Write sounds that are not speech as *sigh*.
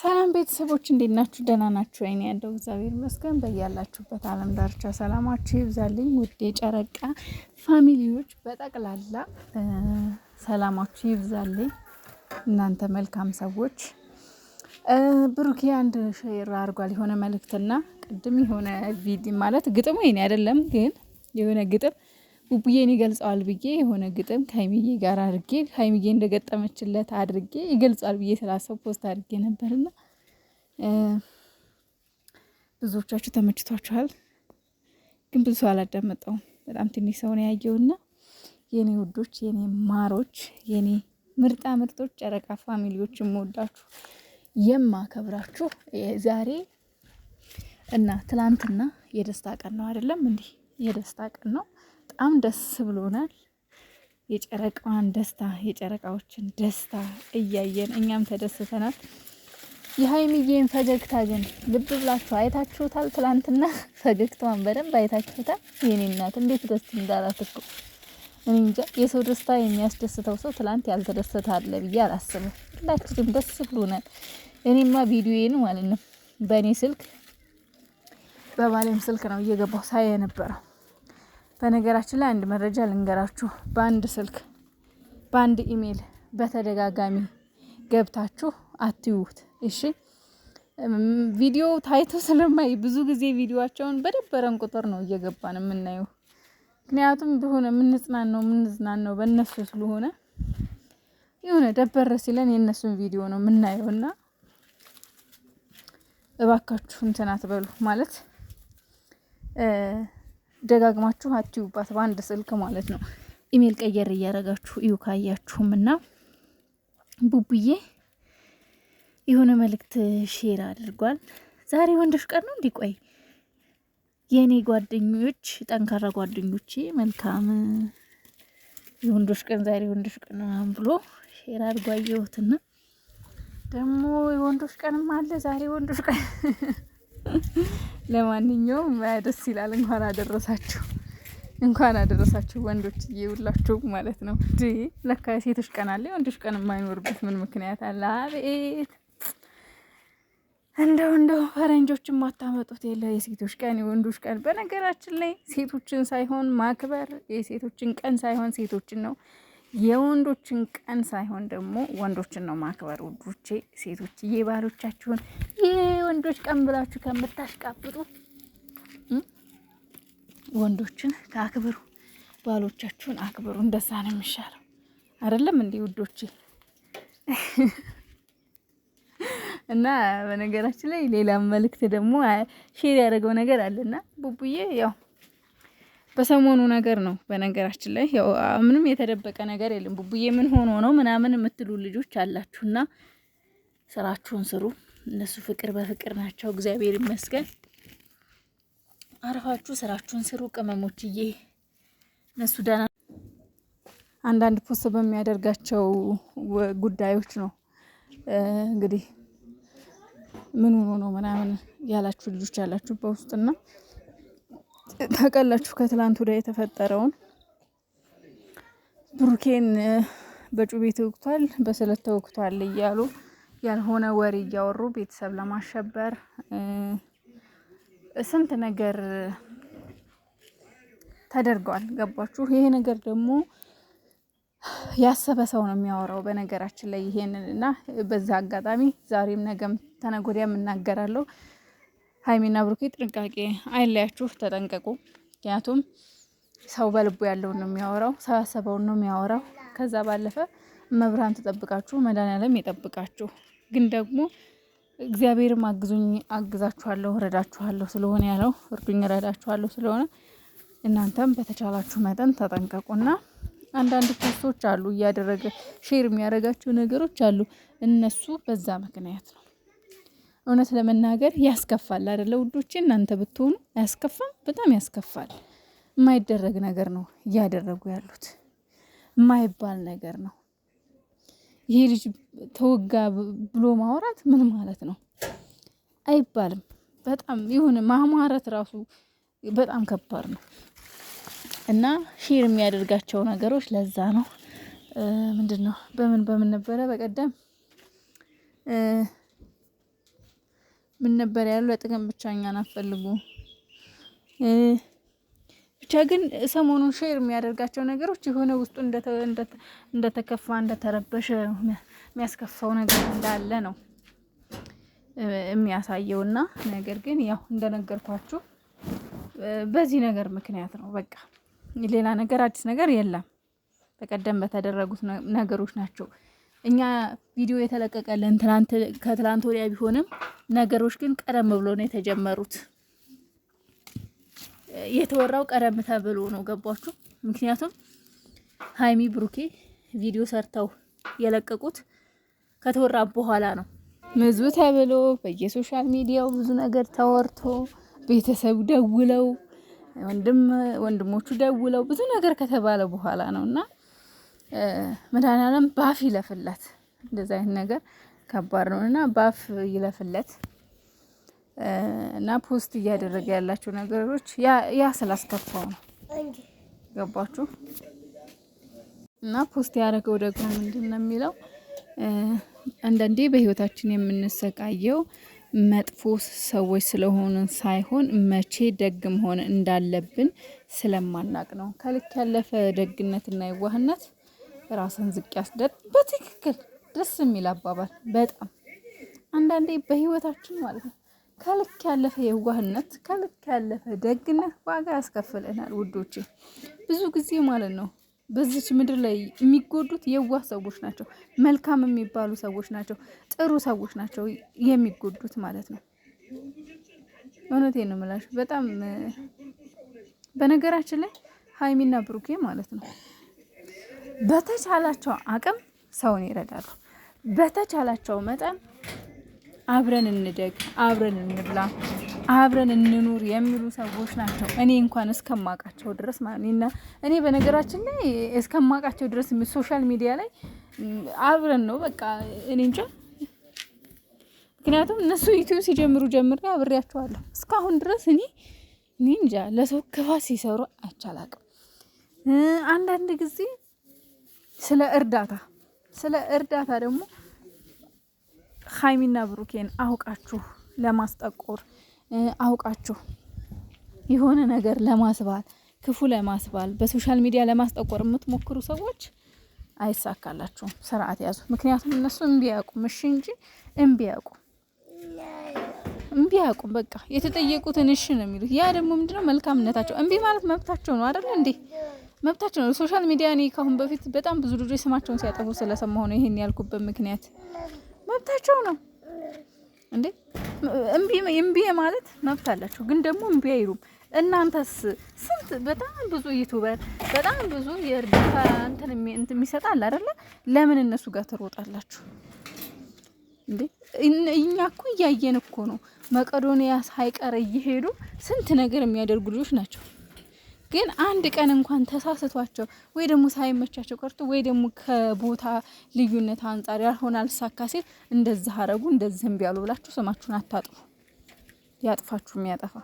ሰላም ቤተሰቦች እንዴት ናችሁ? ደህና ናችሁ? እኔ ያለው እግዚአብሔር ይመስገን። በያላችሁበት አለም ዳርቻ ሰላማችሁ ይብዛልኝ። ውድ የጨረቃ ፋሚሊዎች በጠቅላላ ሰላማችሁ ይብዛልኝ። እናንተ መልካም ሰዎች። ብሩኬ አንድ ሼር አድርጓል የሆነ መልእክትና ቅድም የሆነ ቪዲ ማለት ግጥሙ ይኔ አይደለም ግን የሆነ ግጥም ቡቡዬን ይገልጸዋል ብዬ የሆነ ግጥም ከሀይሚዬ ጋር አድርጌ ሀይሚዬ እንደገጠመችለት አድርጌ ይገልጸዋል ብዬ ስላሰብ ፖስት አድርጌ ነበርና ብዙዎቻችሁ ተመችቷችኋል። ግን ብዙ ሰው አላዳመጠውም። በጣም ትንሽ ሰው ነው ያየውና የኔ ውዶች፣ የኔ ማሮች፣ የኔ ምርጣ ምርጦች፣ ጨረቃ ፋሚሊዎች የምወዳችሁ የማከብራችሁ ዛሬ እና ትላንትና የደስታ ቀን ነው አይደለም? እንዲህ የደስታ ቀን ነው። በጣም ደስ ብሎናል። የጨረቃዋን ደስታ የጨረቃዎችን ደስታ እያየን እኛም ተደስተናል። የሀይሚዬን ፈገግታ ግን ልብ ብላችሁ አይታችሁታል። ትላንትና ፈገግታዋን በደንብ አይታችሁታል። የኔ እናት እንዴት ደስ እንዳላት እኮ እንጃ። የሰው ደስታ የሚያስደስተው ሰው ትላንት ያልተደሰተ አለ ብዬ አላስብም። ሁላችንም ደስ ብሎናል። እኔማ ቪዲዮዬን ማለት ነው በእኔ ስልክ በባሌም ስልክ ነው እየገባው ሳየ ነበረው በነገራችን ላይ አንድ መረጃ ልንገራችሁ። በአንድ ስልክ በአንድ ኢሜይል በተደጋጋሚ ገብታችሁ አትዩት እሺ። ቪዲዮ ታይቶ *laughs* ስለማይ ብዙ ጊዜ ቪዲዮቸውን በደበረን ቁጥር ነው እየገባን የምናየው። ምክንያቱም በሆነ የምንጽናናው የምንዝናናው በእነሱ ስለሆነ የሆነ ደበረ ሲለን የእነሱን ቪዲዮ ነው የምናየው። እና እባካችሁ እንትን አትበሉ ማለት ደጋግማችሁ አትዩባት፣ በአንድ ስልክ ማለት ነው። ኢሜል ቀየር እያረጋችሁ እዩ። ካያችሁም እና ቡቡዬ የሆነ መልእክት ሼር አድርጓል። ዛሬ ወንዶች ቀን ነው እንዲቆይ የእኔ ጓደኞች፣ ጠንካራ ጓደኞቼ፣ መልካም የወንዶች ቀን ዛሬ ወንዶች ቀን ብሎ ሼር አድርጓ አየሁትና ደግሞ የወንዶች ቀንም አለ ዛሬ ወንዶች ቀን ለማንኛውም ደስ ይላል። እንኳን አደረሳችሁ፣ እንኳን አደረሳችሁ ወንዶች እየውላችሁ ማለት ነው። ለካ ሴቶች ቀን አለ የወንዶች ቀን የማይኖርበት ምን ምክንያት አለ? አቤት እንደው እንደው ፈረንጆች የማታመጡት የለ የሴቶች ቀን የወንዶች ቀን። በነገራችን ላይ ሴቶችን ሳይሆን ማክበር የሴቶችን ቀን ሳይሆን ሴቶችን ነው የወንዶችን ቀን ሳይሆን ደግሞ ወንዶችን ነው ማክበር። ወንዶቼ ሴቶችዬ፣ ባሎቻችሁን ወንዶች ቀን ብላችሁ ከምታሽቃብጡ ወንዶችን ከአክብሩ፣ ባሎቻችሁን አክብሩ። እንደዛ ነው የሚሻለው። አይደለም እንዲህ ውዶቼ? *laughs* እና በነገራችን ላይ ሌላ መልእክት ደግሞ ሼር ያደረገው ነገር አለና ቡቡዬ ያው በሰሞኑ ነገር ነው። በነገራችን ላይ ያው ምንም የተደበቀ ነገር የለም። ቡቡዬ ምን ሆኖ ነው ምናምን የምትሉ ልጆች አላችሁና ስራችሁን ስሩ። እነሱ ፍቅር በፍቅር ናቸው፣ እግዚአብሔር ይመስገን። አረፋችሁ ስራችሁን ስሩ ቅመሞችዬ። እነሱ ደህና አንዳንድ ፖስት በሚያደርጋቸው ጉዳዮች ነው እንግዲህ ምን ሆኖ ነው ምናምን ያላችሁ ልጆች ያላችሁ በውስጥና ታውቃላችሁ ከትላንት ወዲያ የተፈጠረውን ብሩኬን በጩቤ ተወግቷል፣ በስለት ተወግቷል እያሉ ያልሆነ ወሬ እያወሩ ቤተሰብ ለማሸበር ስንት ነገር ተደርገዋል። ገባችሁ? ይሄ ነገር ደግሞ ያሰበ ሰው ነው የሚያወራው። በነገራችን ላይ ይሄንን እና በዛ አጋጣሚ ዛሬም ነገም ተነጎዳ የምናገራለሁ ሀይሚና ብሩኬ ጥንቃቄ አይለያችሁ፣ ተጠንቀቁ። ምክንያቱም ሰው በልቡ ያለውን ነው የሚያወራው፣ ሰው ያሰበውን ነው የሚያወራው። ከዛ ባለፈ መብርሃን ተጠብቃችሁ፣ መድኃኒዓለም የጠብቃችሁ። ግን ደግሞ እግዚአብሔርም አግዙኝ አግዛችኋለሁ ረዳችኋለሁ ስለሆነ ያለው እርዱኝ ረዳችኋለሁ ስለሆነ እናንተም በተቻላችሁ መጠን ተጠንቀቁና አንዳንድ ፖስቶች አሉ እያደረገ ሼር የሚያደርጋቸው ነገሮች አሉ። እነሱ በዛ ምክንያት ነው እውነት ለመናገር ያስከፋል አደለ ውዶቼ? እናንተ ብትሆኑ አያስከፋም? በጣም ያስከፋል። የማይደረግ ነገር ነው እያደረጉ ያሉት፣ የማይባል ነገር ነው። ይሄ ልጅ ተወጋ ብሎ ማውራት ምን ማለት ነው? አይባልም። በጣም ይሁን ማማረት ራሱ በጣም ከባድ ነው። እና ሼር የሚያደርጋቸው ነገሮች ለዛ ነው። ምንድን ነው በምን በምን ነበረ በቀደም ምን ነበር ያሉ ለጥቅም ብቻ እኛን አፈልጉ። ብቻ ግን ሰሞኑን ሼር የሚያደርጋቸው ነገሮች የሆነ ውስጡ እንደተከፋ እንደተረበሸ የሚያስከፋው ነገር እንዳለ ነው የሚያሳየው እና ነገር ግን ያው እንደነገርኳችሁ በዚህ ነገር ምክንያት ነው። በቃ ሌላ ነገር አዲስ ነገር የለም። በቀደም በተደረጉት ነገሮች ናቸው። እኛ ቪዲዮ የተለቀቀልን ከትላንት ወዲያ ቢሆንም ነገሮች ግን ቀደም ብሎ ነው የተጀመሩት። የተወራው ቀደም ተብሎ ነው። ገባችሁ? ምክንያቱም ሀይሚ ብሩኬ ቪዲዮ ሰርተው የለቀቁት ከተወራ በኋላ ነው። ብዙ ተብሎ በየሶሻል ሚዲያው ብዙ ነገር ተወርቶ ቤተሰብ ደውለው ወንድም ወንድሞቹ ደውለው ብዙ ነገር ከተባለ በኋላ ነው እና መድኃኒዓለም ባፍ ይለፍላት እንደዚ አይነት ነገር ከባድ ነው እና ባፍ ይለፍለት እና ፖስት እያደረገ ያላቸው ነገሮች ያ ስላስከፋው ነው። ገባችሁ? እና ፖስት ያደረገው ደግሞ ምንድን ነው የሚለው አንዳንዴ በህይወታችን የምንሰቃየው መጥፎ ሰዎች ስለሆኑ ሳይሆን መቼ ደግ መሆን እንዳለብን ስለማናቅ ነው። ከልክ ያለፈ ደግነትና የዋህነት ራስን ዝቅ ያስደርግ። በትክክል ደስ የሚል አባባል በጣም አንዳንዴ በህይወታችን ማለት ነው ከልክ ያለፈ የዋህነት ከልክ ያለፈ ደግነት ዋጋ ያስከፍለናል ውዶቼ። ብዙ ጊዜ ማለት ነው በዚች ምድር ላይ የሚጎዱት የዋህ ሰዎች ናቸው፣ መልካም የሚባሉ ሰዎች ናቸው፣ ጥሩ ሰዎች ናቸው የሚጎዱት ማለት ነው። እውነቴ ነው ምላሽ በጣም በነገራችን ላይ ሀይሚና ብሩኬ ማለት ነው በተቻላቸው አቅም ሰውን ይረዳሉ። በተቻላቸው መጠን አብረን እንደግ፣ አብረን እንብላ፣ አብረን እንኑር የሚሉ ሰዎች ናቸው። እኔ እንኳን እስከማውቃቸው ድረስ ማለት እኔ በነገራችን ላይ እስከማውቃቸው ድረስ ሶሻል ሚዲያ ላይ አብረን ነው በቃ እኔ እንጃ። ምክንያቱም እነሱ ዩቲዩብ ሲጀምሩ ጀምር አብሬያቸዋለሁ እስካሁን ድረስ እኔ እኔ እንጃ ለሰው ክፋት ሲሰሩ አይቻላቅም። አንዳንድ ጊዜ ስለ እርዳታ ስለ እርዳታ ደግሞ ሀይሚና ብሩኬን አውቃችሁ ለማስጠቆር አውቃችሁ የሆነ ነገር ለማስባል ክፉ ለማስባል በሶሻል ሚዲያ ለማስጠቆር የምትሞክሩ ሰዎች አይሳካላችሁም። ስርዓት ያዙ። ምክንያቱም እነሱ እምቢ እሺ እንጂ እምቢ እምቢ በቃ የተጠየቁትን እሺ ነው የሚሉት። ያ ደግሞ ምንድነው መልካምነታቸው። እምቢ ማለት መብታቸው ነው አይደል እንዴ? መብታቸው ነው። ሶሻል ሚዲያ እኔ ካሁን በፊት በጣም ብዙ ልጆች ስማቸውን ሲያጠፉ ስለሰማሁ ነው ይሄን ያልኩበት ምክንያት። መብታቸው ነው እንዴ እምቢ ማለት መብት አላቸው፣ ግን ደግሞ እምቢ አይሉም። እናንተስ ስንት በጣም ብዙ ዩቱበር በጣም ብዙ የእርዳታ እንትን አይደለ? ለምን እነሱ ጋር ትሮጣላችሁ እንዴ? እኛ እኮ እያየን እኮ ነው። መቀዶንያ ሳይቀር እየሄዱ ስንት ነገር የሚያደርጉ ልጆች ናቸው። ግን አንድ ቀን እንኳን ተሳስቷቸው ወይ ደግሞ ሳይመቻቸው ቀርቶ ወይ ደግሞ ከቦታ ልዩነት አንጻር ያልሆነ አልሳካ ሲል እንደዚህ አረጉ እንደዚህም ቢያሉ ብላችሁ ስማችሁን አታጥፉ። ያጥፋችሁ የሚያጠፋ